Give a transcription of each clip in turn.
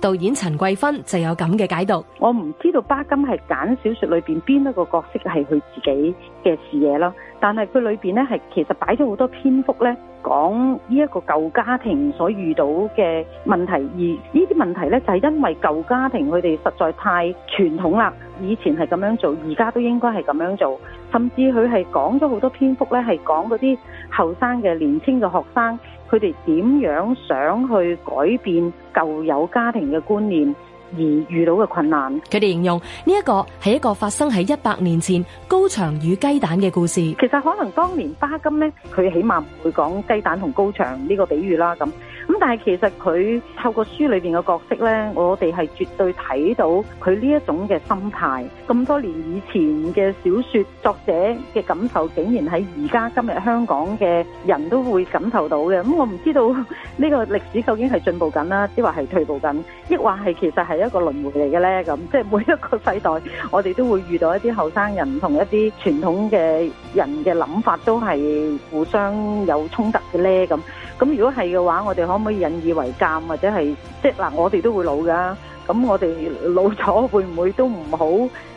導演陳桂芬就有咁嘅解讀，我唔知道巴金係揀小說裏邊邊一個角色係佢自己嘅視野咯，但係佢裏邊咧係其實擺咗好多篇幅咧講呢一個舊家庭所遇到嘅問題，而呢啲問題咧就係因為舊家庭佢哋實在太傳統啦。以前係咁樣做，而家都應該係咁樣做。甚至佢係講咗好多篇幅咧，係講嗰啲後生嘅年輕嘅學生，佢哋點樣想去改變舊有家庭嘅觀念。而遇到嘅困難，佢哋形容呢一個係一個發生喺一百年前高牆與雞蛋嘅故事。其實可能當年巴金咧，佢起碼唔會講雞蛋同高牆呢個比喻啦。咁咁，但係其實佢透過書裏邊嘅角色咧，我哋係絕對睇到佢呢一種嘅心態。咁多年以前嘅小說作者嘅感受，竟然喺而家今日香港嘅人都會感受到嘅。咁我唔知道呢個歷史究竟係進步緊啦，抑或係退步緊，抑或係其實係。一個輪回嚟嘅咧，咁即係每一個世代，我哋都會遇到一啲後生人同一啲傳統嘅人嘅諗法都係互相有衝突嘅咧，咁咁如果係嘅話，我哋可唔可以引以為鑑，或者係即係嗱，我哋都會老噶，咁我哋老咗會唔會都唔好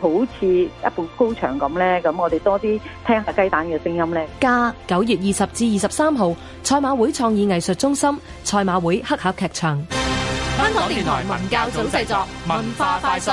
好似一部高牆咁咧？咁我哋多啲聽下雞蛋嘅聲音咧。加九月二十至二十三號，賽馬會創意藝術中心，賽馬會黑盒劇場。香港電台文教組製作《文化快訊》。